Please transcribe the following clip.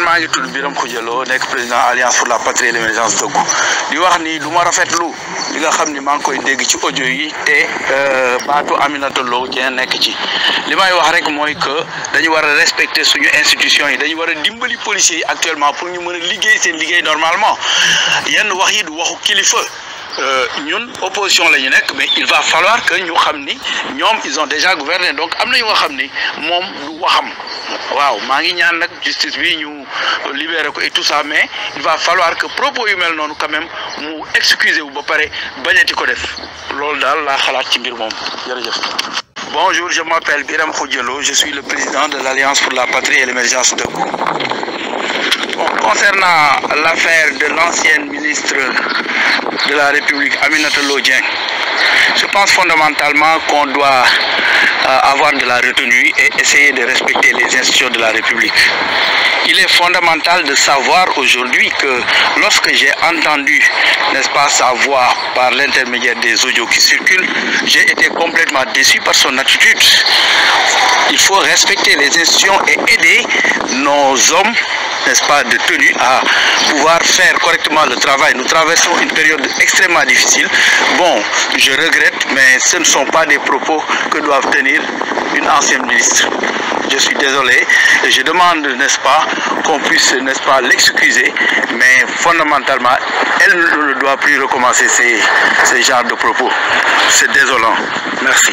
man maa ngi tudd Birame Khoudia Lo nekk président alliance pour la patrie et l'émergence dëggu di wax ni du ma rafetlu li nga xam ni maa ngi koy dégg ci audio yi te euh, baatu Aminata Lo Dieng nekk ci li may wax rek mooy que dañu war a respecter suñu institution yi dañu war a dimbali policiers yi actuellement pour ñu mën a liggéey seen liggéey normalement yenn wax yi du waxu kilifa. Euh, ñun opposition la ñu nekk mais il va falloir que ñu xam ni ñoom ils ont déjà gouverné donc am na ñu xam ni moom du waxam waaw maa ngi ñaan nag justice bi ñu libéré ko et tout ça mais il va falloir que propos yu mel noonu quand même mu excuser wu ba pare bañati ko def loolu daal laa xalaat ci mbir moom jërëjëf. Bonjour, je m'appelle Biram Khoudjelo, je suis le président de l'Alliance pour la patrie et l'émergence de Gou. la République, Aminata Lodien, je pense fondamentalement qu'on doit Euh, avoir de la retenue et essayer de respecter les institutions de la République. Il est fondamental de savoir aujourd'hui que lorsque j'ai entendu, n'est-ce pas, sa voix par l'intermédiaire des audios qui circulent, j'ai été complètement déçu par son attitude. Il faut respecter les institutions et aider nos hommes n'est-ce pas, de tenue à pouvoir faire correctement le travail. Nous traversons une période extrêmement difficile. Bon, je regrette, mais ce ne sont pas des propos que doivent tenir une ancienne ministre. Je suis désolé et je demande, n'est-ce pas, qu'on puisse, n'est-ce pas, l'excuser, mais fondamentalement, elle ne doit plus recommencer ces genres de propos. C'est désolant. Merci.